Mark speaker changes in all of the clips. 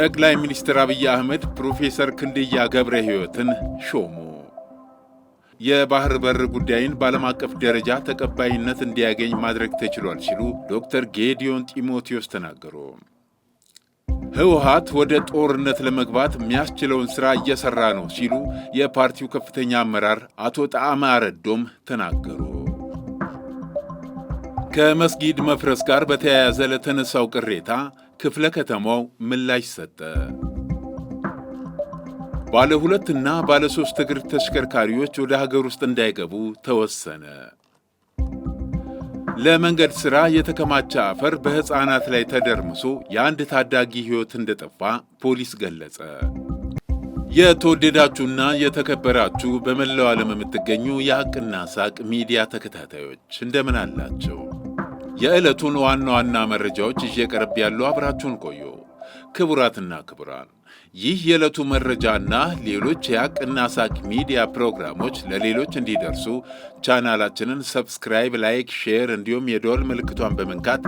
Speaker 1: ጠቅላይ ሚኒስትር አብይ አህመድ ፕሮፌሰር ክንድያ ገብረ ሕይወትን ሾሙ። የባህር በር ጉዳይን በዓለም አቀፍ ደረጃ ተቀባይነት እንዲያገኝ ማድረግ ተችሏል ሲሉ ዶክተር ጌዲዮን ጢሞቴዎስ ተናገሩ። ህወሓት ወደ ጦርነት ለመግባት የሚያስችለውን ሥራ እየሠራ ነው ሲሉ የፓርቲው ከፍተኛ አመራር አቶ ጣዕመ አረዶም ተናገሩ። ከመስጊድ መፍረስ ጋር በተያያዘ ለተነሳው ቅሬታ ክፍለ ከተማው ምላሽ ሰጠ። ባለ ሁለትና ባለ ሶስት እግር ተሽከርካሪዎች ወደ ሀገር ውስጥ እንዳይገቡ ተወሰነ። ለመንገድ ሥራ የተከማቸ አፈር በሕፃናት ላይ ተደርምሶ የአንድ ታዳጊ ሕይወት እንደጠፋ ፖሊስ ገለጸ። የተወደዳችሁና የተከበራችሁ በመላው ዓለም የምትገኙ የሐቅና ሳቅ ሚዲያ ተከታታዮች እንደምን አላቸው? የዕለቱን ዋና ዋና መረጃዎች ይዤ ቀርብ ያሉ፣ አብራችሁን ቆዩ። ክቡራትና ክቡራን ይህ የዕለቱ መረጃና ሌሎች የሀቅና ሳቅ ሚዲያ ፕሮግራሞች ለሌሎች እንዲደርሱ ቻናላችንን ሰብስክራይብ፣ ላይክ፣ ሼር እንዲሁም የደወል ምልክቷን በመንካት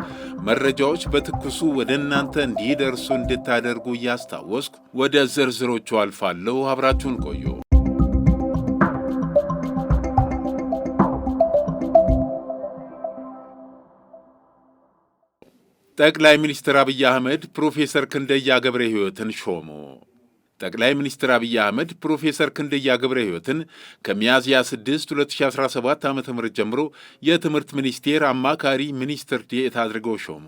Speaker 1: መረጃዎች በትኩሱ ወደ እናንተ እንዲደርሱ እንድታደርጉ እያስታወስኩ ወደ ዝርዝሮቹ አልፋለሁ። አብራችሁን ቆዩ። ጠቅላይ ሚኒስትር አብይ አህመድ ፕሮፌሰር ክንደያ ገብረ ሕይወትን ሾሙ። ጠቅላይ ሚኒስትር አብይ አህመድ ፕሮፌሰር ክንደያ ገብረ ሕይወትን ከሚያዝያ 6 2017 ዓ ም ጀምሮ የትምህርት ሚኒስቴር አማካሪ ሚኒስትር ዴኤታ አድርገው ሾሙ።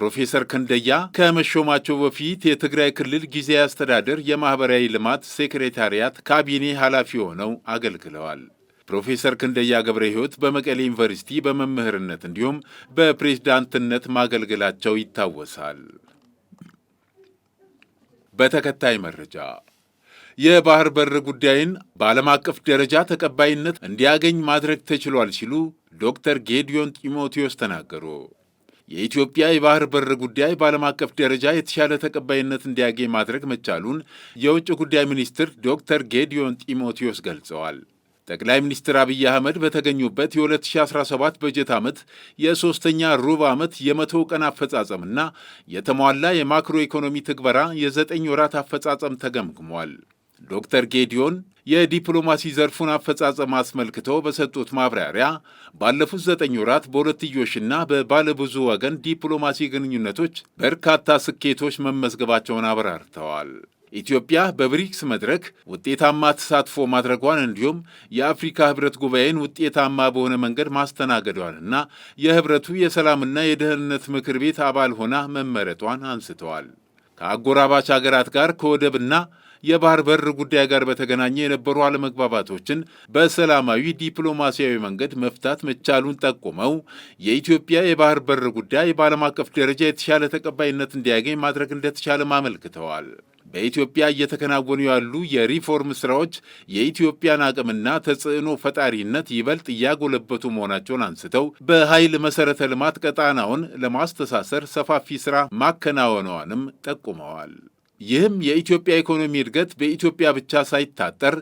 Speaker 1: ፕሮፌሰር ክንደያ ከመሾማቸው በፊት የትግራይ ክልል ጊዜያዊ አስተዳደር የማኅበራዊ ልማት ሴክሬታሪያት ካቢኔ ኃላፊ ሆነው አገልግለዋል። ፕሮፌሰር ክንደያ ገብረ ሕይወት በመቀሌ ዩኒቨርሲቲ በመምህርነት እንዲሁም በፕሬዝዳንትነት ማገልገላቸው ይታወሳል። በተከታይ መረጃ የባህር በር ጉዳይን በዓለም አቀፍ ደረጃ ተቀባይነት እንዲያገኝ ማድረግ ተችሏል ሲሉ ዶክተር ጌዲዮን ጢሞቴዎስ ተናገሩ። የኢትዮጵያ የባህር በር ጉዳይ በዓለም አቀፍ ደረጃ የተሻለ ተቀባይነት እንዲያገኝ ማድረግ መቻሉን የውጭ ጉዳይ ሚኒስትር ዶክተር ጌዲዮን ጢሞቴዎስ ገልጸዋል። ጠቅላይ ሚኒስትር አብይ አህመድ በተገኙበት የ2017 በጀት ዓመት የሦስተኛ ሩብ ዓመት የመቶ ቀን አፈጻጸምና የተሟላ የማክሮ ኢኮኖሚ ትግበራ የዘጠኝ ወራት አፈጻጸም ተገምግሟል። ዶክተር ጌዲዮን የዲፕሎማሲ ዘርፉን አፈጻጸም አስመልክቶ በሰጡት ማብራሪያ ባለፉት ዘጠኝ ወራት በሁለትዮሽና በባለብዙ ወገን ዲፕሎማሲ ግንኙነቶች በርካታ ስኬቶች መመዝገባቸውን አብራርተዋል። ኢትዮጵያ በብሪክስ መድረክ ውጤታማ ተሳትፎ ማድረጓን እንዲሁም የአፍሪካ ህብረት ጉባኤን ውጤታማ በሆነ መንገድ ማስተናገዷንና የህብረቱ የሰላምና የደህንነት ምክር ቤት አባል ሆና መመረጧን አንስተዋል። ከአጎራባች አገራት ጋር ከወደብና የባህር በር ጉዳይ ጋር በተገናኘ የነበሩ አለመግባባቶችን በሰላማዊ ዲፕሎማሲያዊ መንገድ መፍታት መቻሉን ጠቁመው የኢትዮጵያ የባህር በር ጉዳይ በዓለም አቀፍ ደረጃ የተሻለ ተቀባይነት እንዲያገኝ ማድረግ እንደተቻለም አመልክተዋል። በኢትዮጵያ እየተከናወኑ ያሉ የሪፎርም ስራዎች የኢትዮጵያን አቅምና ተጽዕኖ ፈጣሪነት ይበልጥ እያጎለበቱ መሆናቸውን አንስተው በኃይል መሰረተ ልማት ቀጣናውን ለማስተሳሰር ሰፋፊ ስራ ማከናወኗንም ጠቁመዋል። ይህም የኢትዮጵያ ኢኮኖሚ እድገት በኢትዮጵያ ብቻ ሳይታጠር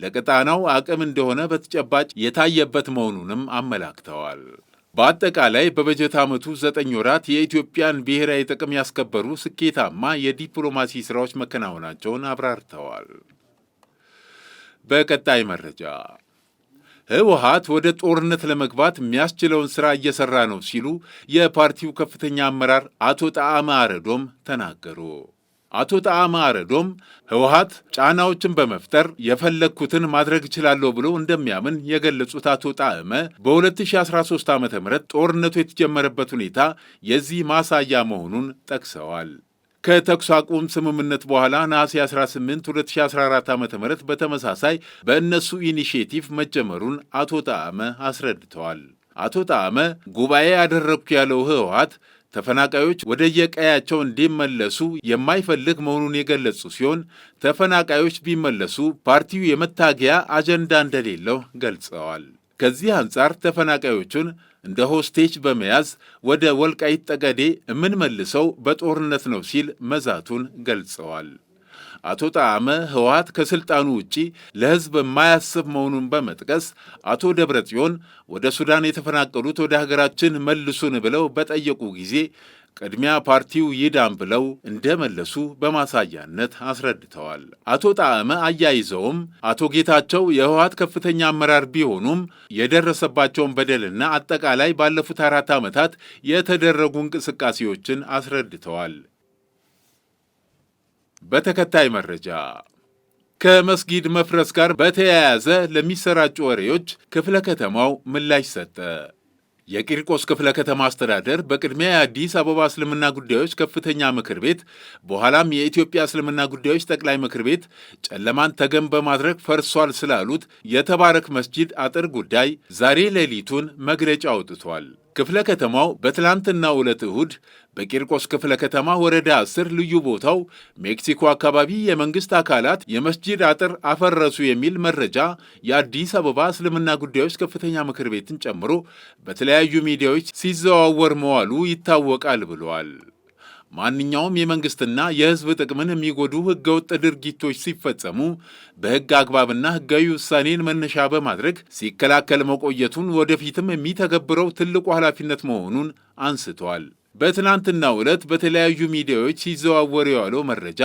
Speaker 1: ለቀጣናው አቅም እንደሆነ በተጨባጭ የታየበት መሆኑንም አመላክተዋል። በአጠቃላይ በበጀት ዓመቱ ዘጠኝ ወራት የኢትዮጵያን ብሔራዊ ጥቅም ያስከበሩ ስኬታማ የዲፕሎማሲ ስራዎች መከናወናቸውን አብራርተዋል። በቀጣይ መረጃ ህወሀት ወደ ጦርነት ለመግባት የሚያስችለውን ሥራ እየሠራ ነው ሲሉ የፓርቲው ከፍተኛ አመራር አቶ ጣዕመ አረዶም ተናገሩ። አቶ ጣዕመ አረዶም ህወሀት ጫናዎችን በመፍጠር የፈለግኩትን ማድረግ እችላለሁ ብሎ እንደሚያምን የገለጹት አቶ ጣዕመ በ2013 ዓ ም ጦርነቱ የተጀመረበት ሁኔታ የዚህ ማሳያ መሆኑን ጠቅሰዋል። ከተኩስ አቁም ስምምነት በኋላ ነሐሴ 18 2014 ዓ ም በተመሳሳይ በእነሱ ኢኒሽቲቭ መጀመሩን አቶ ጣዕመ አስረድተዋል። አቶ ጣዕመ ጉባኤ ያደረግኩ ያለው ህወሀት ተፈናቃዮች ወደ የቀያቸው እንዲመለሱ የማይፈልግ መሆኑን የገለጹ ሲሆን ተፈናቃዮች ቢመለሱ ፓርቲው የመታገያ አጀንዳ እንደሌለው ገልጸዋል። ከዚህ አንጻር ተፈናቃዮቹን እንደ ሆስቴጅ በመያዝ ወደ ወልቃይት ጠገዴ የምንመልሰው በጦርነት ነው ሲል መዛቱን ገልጸዋል። አቶ ጣዕመ ህወሀት ከስልጣኑ ውጪ ለህዝብ የማያስብ መሆኑን በመጥቀስ አቶ ደብረ ጽዮን ወደ ሱዳን የተፈናቀሉት ወደ ሀገራችን መልሱን ብለው በጠየቁ ጊዜ ቅድሚያ ፓርቲው ይዳን ብለው እንደመለሱ በማሳያነት አስረድተዋል። አቶ ጣዕመ አያይዘውም አቶ ጌታቸው የህወሀት ከፍተኛ አመራር ቢሆኑም የደረሰባቸውን በደልና አጠቃላይ ባለፉት አራት ዓመታት የተደረጉ እንቅስቃሴዎችን አስረድተዋል። በተከታይ መረጃ ከመስጊድ መፍረስ ጋር በተያያዘ ለሚሰራጩ ወሬዎች ክፍለ ከተማው ምላሽ ሰጠ። የቂርቆስ ክፍለ ከተማ አስተዳደር በቅድሚያ የአዲስ አበባ እስልምና ጉዳዮች ከፍተኛ ምክር ቤት በኋላም የኢትዮጵያ እስልምና ጉዳዮች ጠቅላይ ምክር ቤት ጨለማን ተገን በማድረግ ፈርሷል ስላሉት የተባረክ መስጂድ አጥር ጉዳይ ዛሬ ሌሊቱን መግለጫ አውጥቷል። ክፍለ ከተማው በትላንትና ዕለት እሁድ በቂርቆስ ክፍለ ከተማ ወረዳ አስር ልዩ ቦታው ሜክሲኮ አካባቢ የመንግሥት አካላት የመስጂድ አጥር አፈረሱ የሚል መረጃ የአዲስ አበባ እስልምና ጉዳዮች ከፍተኛ ምክር ቤትን ጨምሮ በተለያዩ ሚዲያዎች ሲዘዋወር መዋሉ ይታወቃል ብለዋል። ማንኛውም የመንግስትና የህዝብ ጥቅምን የሚጎዱ ህገወጥ ድርጊቶች ሲፈጸሙ በህግ አግባብና ህጋዊ ውሳኔን መነሻ በማድረግ ሲከላከል መቆየቱን ወደፊትም የሚተገብረው ትልቁ ኃላፊነት መሆኑን አንስተዋል። በትናንትናው ዕለት በተለያዩ ሚዲያዎች ሲዘዋወር የዋለው መረጃ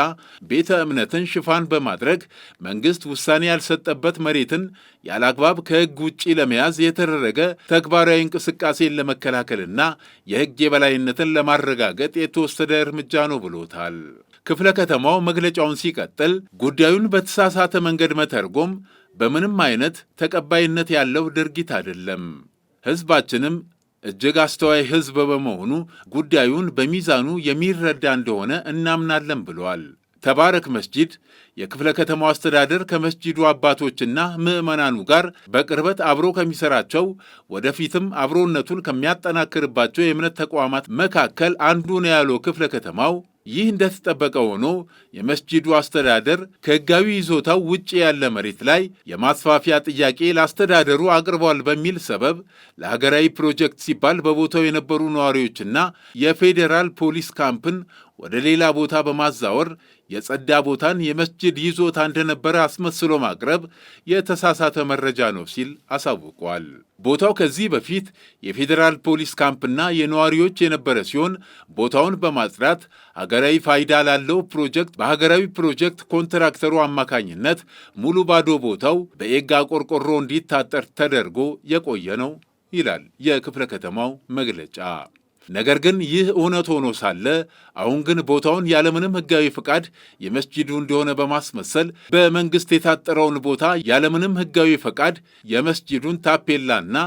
Speaker 1: ቤተ እምነትን ሽፋን በማድረግ መንግሥት ውሳኔ ያልሰጠበት መሬትን ያለአግባብ ከሕግ ውጪ ለመያዝ የተደረገ ተግባራዊ እንቅስቃሴን ለመከላከልና የሕግ የበላይነትን ለማረጋገጥ የተወሰደ እርምጃ ነው ብሎታል። ክፍለ ከተማው መግለጫውን ሲቀጥል ጉዳዩን በተሳሳተ መንገድ መተርጎም በምንም አይነት ተቀባይነት ያለው ድርጊት አይደለም። ሕዝባችንም እጅግ አስተዋይ ሕዝብ በመሆኑ ጉዳዩን በሚዛኑ የሚረዳ እንደሆነ እናምናለን ብለዋል። ተባረክ መስጂድ የክፍለ ከተማው አስተዳደር ከመስጂዱ አባቶችና ምዕመናኑ ጋር በቅርበት አብሮ ከሚሰራቸው ወደፊትም አብሮነቱን ከሚያጠናክርባቸው የእምነት ተቋማት መካከል አንዱ ነው ያለው ክፍለ ከተማው ይህ እንደተጠበቀ ሆኖ የመስጂዱ አስተዳደር ከሕጋዊ ይዞታው ውጭ ያለ መሬት ላይ የማስፋፊያ ጥያቄ ለአስተዳደሩ አቅርቧል በሚል ሰበብ ለሀገራዊ ፕሮጀክት ሲባል በቦታው የነበሩ ነዋሪዎችና የፌዴራል ፖሊስ ካምፕን ወደ ሌላ ቦታ በማዛወር የጸዳ ቦታን የመስጂድ ይዞታ እንደነበረ አስመስሎ ማቅረብ የተሳሳተ መረጃ ነው ሲል አሳውቋል። ቦታው ከዚህ በፊት የፌዴራል ፖሊስ ካምፕና የነዋሪዎች የነበረ ሲሆን ቦታውን በማጽዳት አገራዊ ፋይዳ ላለው ፕሮጀክት በሀገራዊ ፕሮጀክት ኮንትራክተሩ አማካኝነት ሙሉ ባዶ ቦታው በኤጋ ቆርቆሮ እንዲታጠር ተደርጎ የቆየ ነው ይላል የክፍለ ከተማው መግለጫ። ነገር ግን ይህ እውነት ሆኖ ሳለ አሁን ግን ቦታውን ያለምንም ሕጋዊ ፍቃድ የመስጂዱ እንደሆነ በማስመሰል በመንግሥት የታጠረውን ቦታ ያለምንም ሕጋዊ ፈቃድ የመስጂዱን ታፔላና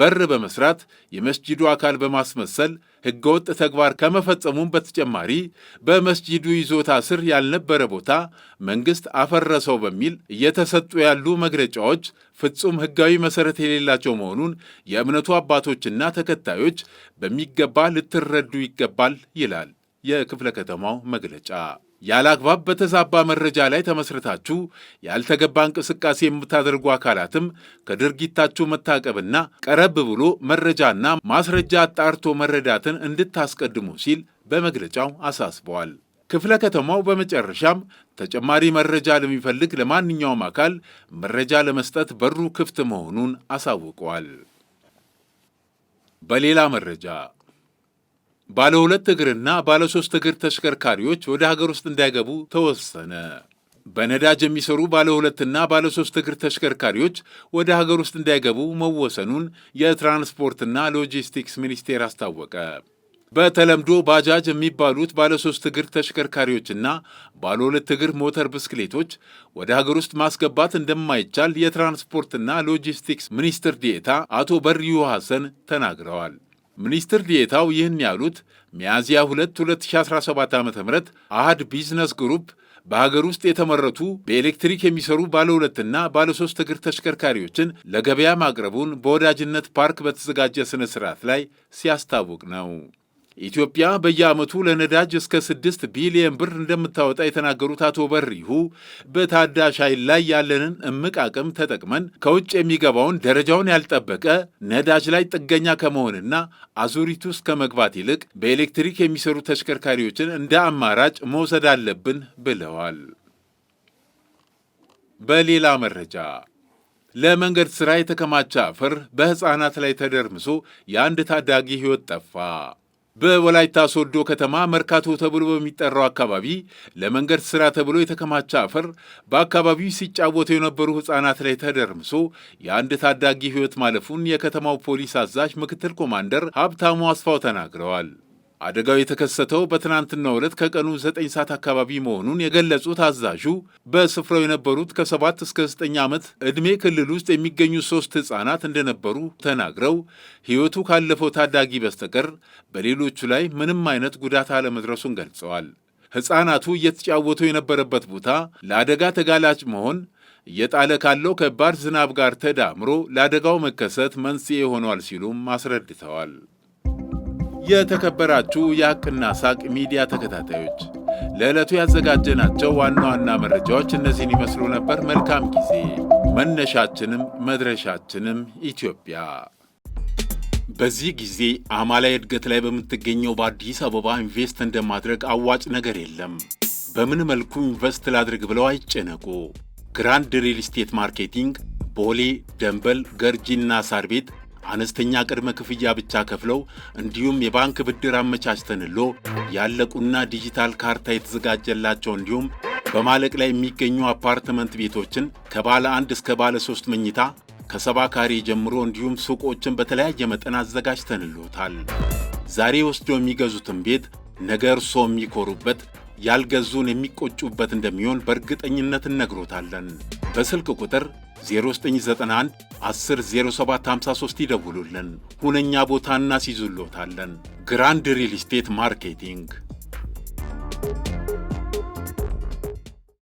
Speaker 1: በር በመስራት የመስጂዱ አካል በማስመሰል ሕገወጥ ተግባር ከመፈጸሙም በተጨማሪ በመስጂዱ ይዞታ ስር ያልነበረ ቦታ መንግሥት አፈረሰው በሚል እየተሰጡ ያሉ መግለጫዎች ፍጹም ሕጋዊ መሠረት የሌላቸው መሆኑን የእምነቱ አባቶችና ተከታዮች በሚገባ ልትረዱ ይገባል ይላል የክፍለ ከተማው መግለጫ። ያለ አግባብ በተዛባ መረጃ ላይ ተመስርታችሁ ያልተገባ እንቅስቃሴ የምታደርጉ አካላትም ከድርጊታችሁ መታቀብና ቀረብ ብሎ መረጃና ማስረጃ አጣርቶ መረዳትን እንድታስቀድሙ ሲል በመግለጫው አሳስበዋል። ክፍለ ከተማው በመጨረሻም ተጨማሪ መረጃ ለሚፈልግ ለማንኛውም አካል መረጃ ለመስጠት በሩ ክፍት መሆኑን አሳውቋል። በሌላ መረጃ ባለ ሁለት እግርና ባለ ሶስት እግር ተሽከርካሪዎች ወደ ሀገር ውስጥ እንዳይገቡ ተወሰነ። በነዳጅ የሚሰሩ ባለ ሁለትና ባለ ሶስት እግር ተሽከርካሪዎች ወደ ሀገር ውስጥ እንዳይገቡ መወሰኑን የትራንስፖርትና ሎጂስቲክስ ሚኒስቴር አስታወቀ። በተለምዶ ባጃጅ የሚባሉት ባለሶስት እግር ተሽከርካሪዎችና ባለ ሁለት እግር ሞተር ብስክሌቶች ወደ ሀገር ውስጥ ማስገባት እንደማይቻል የትራንስፖርትና ሎጂስቲክስ ሚኒስትር ዲኤታ አቶ በርዩ ሐሰን ተናግረዋል። ሚኒስትር ዲኤታው ይህን ያሉት ሚያዝያ 2 2017 ዓ ም አሃድ ቢዝነስ ግሩፕ በሀገር ውስጥ የተመረቱ በኤሌክትሪክ የሚሰሩ ባለሁለትና ባለሶስት እግር ተሽከርካሪዎችን ለገበያ ማቅረቡን በወዳጅነት ፓርክ በተዘጋጀ ስነ ስርዓት ላይ ሲያስታውቅ ነው። ኢትዮጵያ በየዓመቱ ለነዳጅ እስከ 6 ቢሊየን ብር እንደምታወጣ የተናገሩት አቶ በሪሁ በታዳሽ ኃይል ላይ ያለንን እምቅ አቅም ተጠቅመን ከውጭ የሚገባውን ደረጃውን ያልጠበቀ ነዳጅ ላይ ጥገኛ ከመሆንና አዙሪቱ እስከ ይልቅ በኤሌክትሪክ የሚሰሩ ተሽከርካሪዎችን እንደ አማራጭ መውሰድ አለብን ብለዋል። በሌላ መረጃ ለመንገድ ሥራ የተከማቸ አፈር በሕፃናት ላይ ተደርምሶ የአንድ ታዳጊ ሕይወት ጠፋ። በወላይታ ሶዶ ከተማ መርካቶ ተብሎ በሚጠራው አካባቢ ለመንገድ ስራ ተብሎ የተከማቸ አፈር በአካባቢው ሲጫወቱ የነበሩ ሕፃናት ላይ ተደርምሶ የአንድ ታዳጊ ሕይወት ማለፉን የከተማው ፖሊስ አዛዥ ምክትል ኮማንደር ሀብታሙ አስፋው ተናግረዋል። አደጋው የተከሰተው በትናንትናው ዕለት ከቀኑ 9 ሰዓት አካባቢ መሆኑን የገለጹት አዛዡ በስፍራው የነበሩት ከ7 እስከ 9 ዓመት ዕድሜ ክልል ውስጥ የሚገኙ ሦስት ሕፃናት እንደነበሩ ተናግረው ሕይወቱ ካለፈው ታዳጊ በስተቀር በሌሎቹ ላይ ምንም አይነት ጉዳት አለመድረሱን ገልጸዋል። ሕፃናቱ እየተጫወቱ የነበረበት ቦታ ለአደጋ ተጋላጭ መሆን እየጣለ ካለው ከባድ ዝናብ ጋር ተዳምሮ ለአደጋው መከሰት መንስኤ ሆኗል ሲሉም አስረድተዋል። የተከበራችሁ የሐቅና ሳቅ ሚዲያ ተከታታዮች ለዕለቱ ያዘጋጀናቸው ዋና ዋና መረጃዎች እነዚህን ይመስሉ ነበር። መልካም ጊዜ። መነሻችንም መድረሻችንም ኢትዮጵያ።
Speaker 2: በዚህ ጊዜ አማላይ እድገት ላይ በምትገኘው በአዲስ አበባ ኢንቨስት እንደማድረግ አዋጭ ነገር የለም። በምን መልኩ ኢንቨስት ላድርግ ብለው አይጨነቁ። ግራንድ ሪል ስቴት ማርኬቲንግ ቦሌ፣ ደንበል፣ ገርጂና ሳር ቤት አነስተኛ ቅድመ ክፍያ ብቻ ከፍለው እንዲሁም የባንክ ብድር አመቻችተንሎ ያለቁና ዲጂታል ካርታ የተዘጋጀላቸው እንዲሁም በማለቅ ላይ የሚገኙ አፓርትመንት ቤቶችን ከባለ አንድ እስከ ባለ ሶስት መኝታ ከሰባ ካሬ ጀምሮ እንዲሁም ሱቆችን በተለያየ መጠን አዘጋጅተንልዎታል። ዛሬ ወስደው የሚገዙትን ቤት ነገ እርሶ የሚኮሩበት ያልገዙን የሚቆጩበት እንደሚሆን በእርግጠኝነት እነግሮታለን። በስልክ ቁጥር 0991 100753 ይደውሉልን። ሁነኛ ቦታ እናስይዙልዎታለን። ግራንድ ሪል ስቴት ማርኬቲንግ